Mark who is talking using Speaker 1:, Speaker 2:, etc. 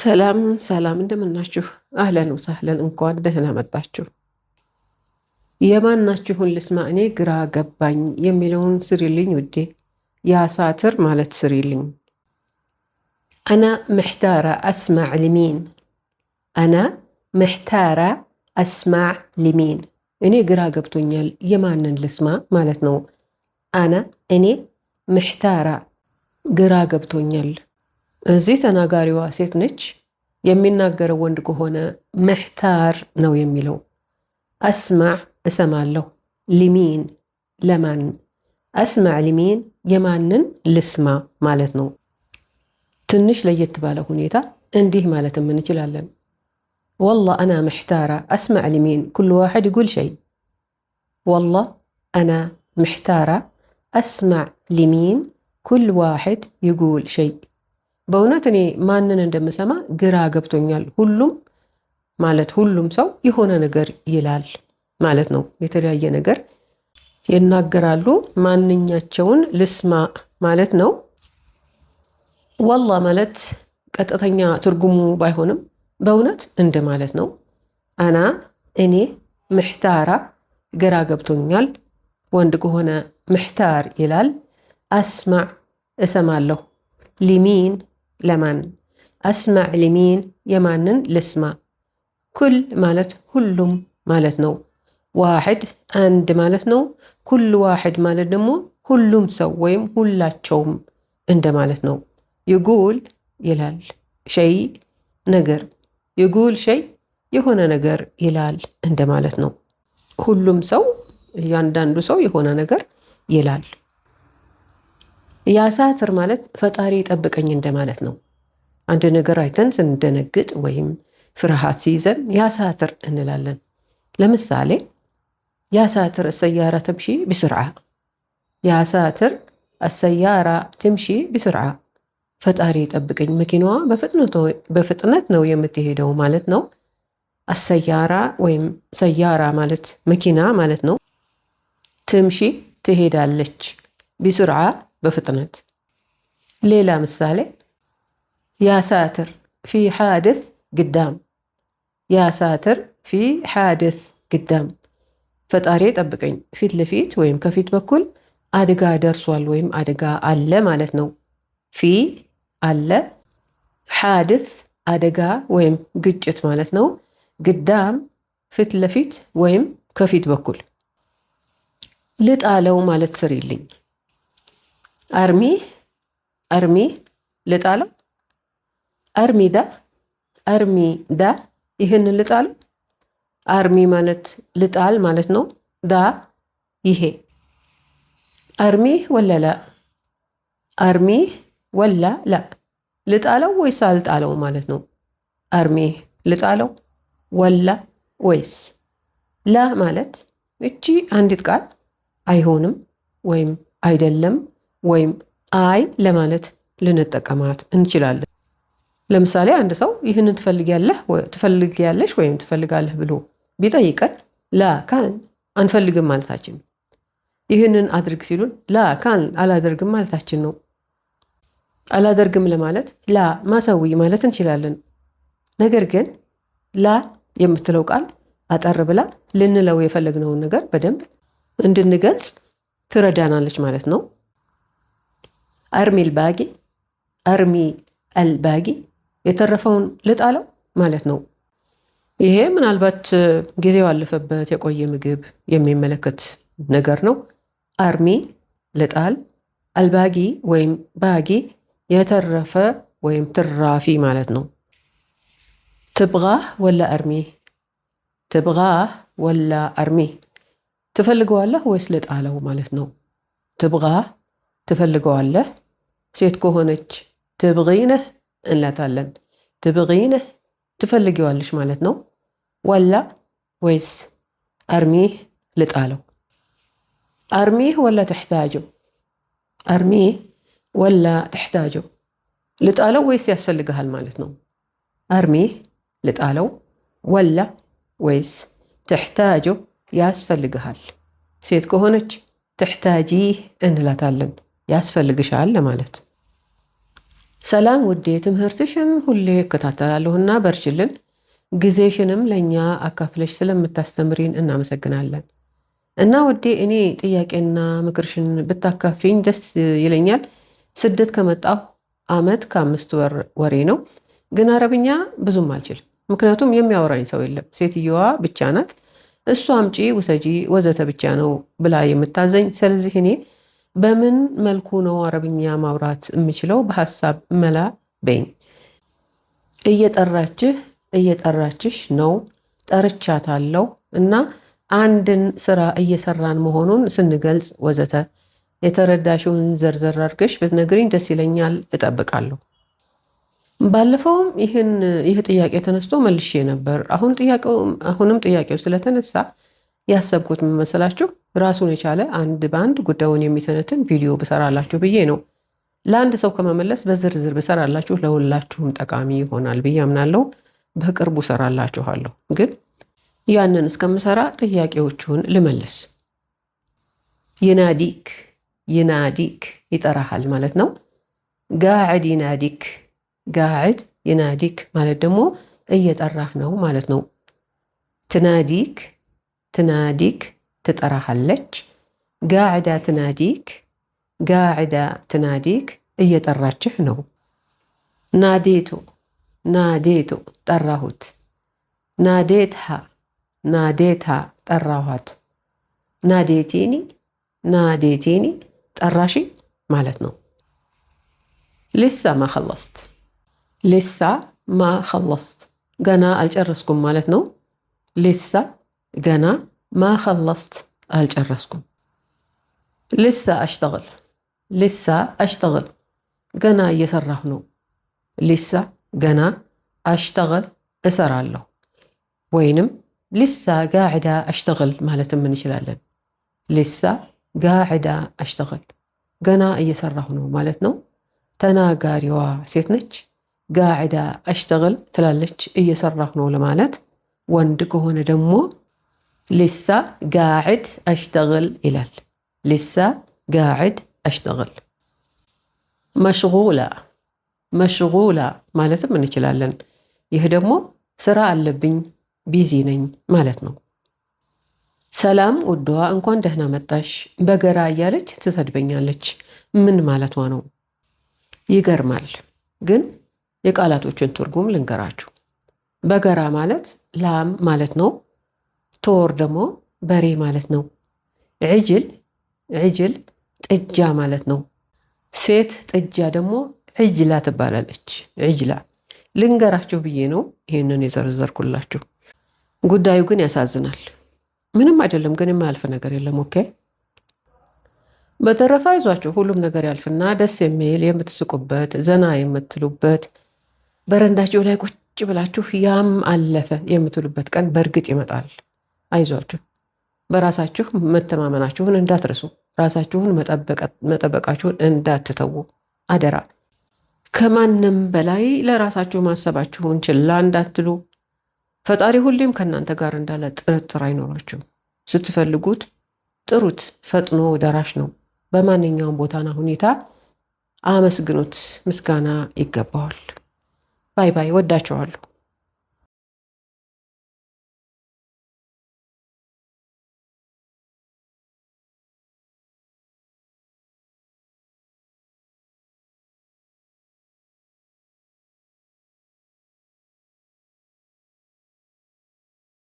Speaker 1: ሰላም ሰላም፣ እንደምናችሁ። አህለን ወሳህለን፣ እንኳን ደህና መጣችሁ። የማናችሁን ልስማ? እኔ ግራ ገባኝ የሚለውን ስሪልኝ ውዴ፣ ያሳትር ማለት ስሪልኝ። አና ምሕታራ አስማዕ ልሚን፣ አና ምሕታራ አስማዕ ልሚን፣ እኔ ግራ ገብቶኛል የማንን ልስማ ማለት ነው። አና እኔ ምሕታራ ግራ ገብቶኛል እዚህ ተናጋሪዋ ሴት ነች። የሚናገረው ወንድ ከሆነ መሕታር ነው የሚለው። አስማዕ እሰማለሁ። ሊሚን ለማን? አስማዕ ሊሚን የማንን ልስማ ማለት ነው። ትንሽ ለየት ባለ ሁኔታ እንዲህ ማለትም እንችላለን። والله أنا محتارة أسمع لمين كل واحد يقول شيء والله أنا محتارة أسمع لمين كل واحد يقول شيء በእውነት እኔ ማንን እንደምሰማ ግራ ገብቶኛል። ሁሉም ማለት ሁሉም ሰው የሆነ ነገር ይላል ማለት ነው። የተለያየ ነገር ይናገራሉ። ማንኛቸውን ልስማ ማለት ነው። ወላ ማለት ቀጥተኛ ትርጉሙ ባይሆንም በእውነት እንደ ማለት ነው። አና እኔ ምሕታራ ግራ ገብቶኛል። ወንድ ከሆነ ምሕታር ይላል። አስማዕ እሰማለሁ ሊሚን ለማን አስማዕ ሊሚን የማንን ልስማ። ኩል ማለት ሁሉም ማለት ነው። ዋሕድ አንድ ማለት ነው። ኩል ዋሕድ ማለት ደግሞ ሁሉም ሰው ወይም ሁላቸውም እንደ ማለት ነው። ይጉል ይላል ሸይ ነገር፣ ይጉል ሸይ የሆነ ነገር ይላል እንደ ማለት ነው። ሁሉም ሰው እያንዳንዱ ሰው የሆነ ነገር ይላል። ያሳትር ማለት ፈጣሪ ጠብቀኝ እንደማለት ነው። አንድ ነገር አይተን ስንደነግጥ ወይም ፍርሃት ሲይዘን ያሳትር እንላለን። ለምሳሌ ያሳትር አሰያራ ተምሺ ብስርዓ፣ ያሳትር አሰያራ ትምሺ ብስርዓ፣ ፈጣሪ ጠብቀኝ መኪናዋ በፍጥነት ነው የምትሄደው ማለት ነው። አሰያራ ወይም ሰያራ ማለት መኪና ማለት ነው። ትምሺ ትሄዳለች፣ ቢስርዓ በፍጥነት ሌላ ምሳሌ ያሳትር ፊ ሓድስ ግዳም ያሳትር ፊ ሓድስ ግዳም ፈጣሪ ጠብቀኝ ፊት ለፊት ወይም ከፊት በኩል አደጋ ደርሷል ወይም አደጋ አለ ማለት ነው። ፊ አለ፣ ሓድስ አደጋ ወይም ግጭት ማለት ነው። ግዳም ፊት ለፊት ወይም ከፊት በኩል ልጣለው ማለት ስሪልኝ አርሚ አርሚ ልጣለው አርሚ ዳ አርሚ ዳ ይህንን ልጣለው። አርሚ ማለት ልጣል ማለት ነው። ዳ ይሄ አርሚ ወለላ አርሚ ወላ ላ ልጣለው ወይስ አልጣለው ማለት ነው። አርሚ ልጣለው ወላ ወይስ ላ ማለት እቺ አንዲት ቃል አይሆንም ወይም አይደለም ወይም አይ ለማለት ልንጠቀማት እንችላለን። ለምሳሌ አንድ ሰው ይህንን ትፈልጊያለህ ትፈልጊያለሽ ወይም ትፈልጋለህ ብሎ ቢጠይቀን ላካን አንፈልግም ማለታችን ይህንን አድርግ ሲሉን ላካን አላደርግም ማለታችን ነው። አላደርግም ለማለት ላ ማሰዊ ማለት እንችላለን። ነገር ግን ላ የምትለው ቃል አጠር ብላ ልንለው የፈለግነውን ነገር በደንብ እንድንገልጽ ትረዳናለች ማለት ነው። አርሚ ልባጊ አርሚ አልባጊ የተረፈውን ልጣለው ማለት ነው። ይሄ ምናልባት ጊዜው አለፈበት የቆየ ምግብ የሚመለከት ነገር ነው። አርሚ ልጣል፣ አልባጊ ወይም ባጊ የተረፈ ወይም ትራፊ ማለት ነው። ትብጋህ ወላ አርሚ ትብጋህ ወላ አርሚ ትፈልገዋለህ ወይስ ልጣለው ማለት ነው። ትብጋህ ትፈልገዋለህ سيت كهونج تبغينه إن لا تالن تبغينه تفلقي والش مالتنا ولا ويس أرميه لتقالو أرميه ولا تحتاجو أرميه ولا تحتاجو لتقالو ويس يسفلق هالمالتنا أرميه لتقالو ولا ويس تحتاجو ياسفلق هال سيت كهونج تحتاجيه إن لا تالن ያስፈልግሻል ለማለት። ሰላም ውዴ፣ ትምህርትሽን ሁሌ እከታተላለሁና በርችልን። ጊዜሽንም ለእኛ አካፍለሽ ስለምታስተምሪን እናመሰግናለን። እና ውዴ፣ እኔ ጥያቄና ምክርሽን ብታካፊኝ ደስ ይለኛል። ስደት ከመጣሁ አመት ከአምስት ወሬ ነው፣ ግን አረብኛ ብዙም አልችልም። ምክንያቱም የሚያወራኝ ሰው የለም። ሴትየዋ ብቻ ናት። እሱ አምጪ፣ ውሰጂ፣ ወዘተ ብቻ ነው ብላ የምታዘኝ። ስለዚህ እኔ በምን መልኩ ነው አረብኛ ማውራት የምችለው? በሀሳብ መላ በኝ። እየጠራችህ እየጠራችሽ ነው፣ ጠርቻታለሁ እና አንድን ስራ እየሰራን መሆኑን ስንገልጽ ወዘተ። የተረዳሽውን ዘርዘር አድርገሽ ብትነግሪኝ ደስ ይለኛል፣ እጠብቃለሁ። ባለፈውም ይህን ይህ ጥያቄ ተነስቶ መልሼ ነበር። አሁንም ጥያቄው ስለተነሳ ያሰብኩት መመሰላችሁ ራሱን የቻለ አንድ በአንድ ጉዳዩን የሚተነትን ቪዲዮ ብሰራላችሁ ብዬ ነው። ለአንድ ሰው ከመመለስ በዝርዝር ብሰራላችሁ ለሁላችሁም ጠቃሚ ይሆናል ብዬ አምናለሁ። በቅርቡ ሰራላችኋለሁ። ግን ያንን እስከምሰራ ጥያቄዎቹን ልመልስ። ይናዲክ ይናዲክ ይጠራሃል ማለት ነው። ጋዕድ ይናዲክ ጋዕድ ይናዲክ ማለት ደግሞ እየጠራህ ነው ማለት ነው። ትናዲክ ትናዲክ ትጠራሃለች። ጋዕዳ ትናዲክ፣ ጋዕዳ ትናዲክ እየጠራችህ ነው። ናዴቱ ናዴቱ ጠራሁት። ናዴትሃ ናዴታ ጠራኋት። ናዴቲኒ ናዴቲኒ ጠራሽ ማለት ነው። ሌሳ ማ ከለስት ሌሳ ማ ከለስት ገና አልጨረስኩም ማለት ነው። ሊሳ ገና ማኸለስት አልጨረስኩም። ልሳ አሽተግል ልሳ አሽተግል ገና እየሰራሁ ነው። ልሳ ገና አሽተግል እሰራለሁ። ወይንም ልሳ ጋዕዳ አሽተግል ማለትም እንችላለን። ልሳ ጋዕዳ አሽተግል ገና እየሰራሁ ነው ማለት ነው። ተናጋሪዋ ሴት ነች። ጋዕዳ አሽተግል ትላለች እየሰራሁ ነው ለማለት። ወንድ ከሆነ ደግሞ ሊሳ ጋዕድ አሽተግል ይላል። ሊሳ ጋዕድ አሽተግል። መሽጉላ መሽጉላ ማለትም እንችላለን። ይህ ደግሞ ስራ አለብኝ ቢዚ ነኝ ማለት ነው። ሰላም ውዷ፣ እንኳን ደህና መጣሽ በገራ እያለች ትሰድበኛለች። ምን ማለቷ ነው? ይገርማል። ግን የቃላቶችን ትርጉም ልንገራችሁ። በገራ ማለት ላም ማለት ነው። ቶር ደግሞ በሬ ማለት ነው። ዕጅል ዕጅል ጥጃ ማለት ነው። ሴት ጥጃ ደግሞ ዕጅላ ትባላለች። ዕጅላ ልንገራችሁ ብዬ ነው ይሄንን የዘረዘርኩላችሁ። ጉዳዩ ግን ያሳዝናል። ምንም አይደለም ግን የማያልፍ ነገር የለም። ኦኬ በተረፈ አይዟችሁ፣ ሁሉም ነገር ያልፍና ደስ የሚል የምትስቁበት፣ ዘና የምትሉበት በረንዳችሁ ላይ ቁጭ ብላችሁ ያም አለፈ የምትሉበት ቀን በእርግጥ ይመጣል። አይዟችሁ፣ በራሳችሁ መተማመናችሁን እንዳትረሱ፣ ራሳችሁን መጠበቃችሁን እንዳትተዉ አደራ። ከማንም በላይ ለራሳችሁ ማሰባችሁን ችላ እንዳትሉ። ፈጣሪ ሁሌም ከእናንተ ጋር እንዳለ ጥርጥር አይኖራችሁም። ስትፈልጉት ጥሩት፣ ፈጥኖ ደራሽ ነው። በማንኛውም ቦታና ሁኔታ አመስግኑት፣ ምስጋና ይገባዋል። ባይ ባይ። ወዳቸዋለሁ።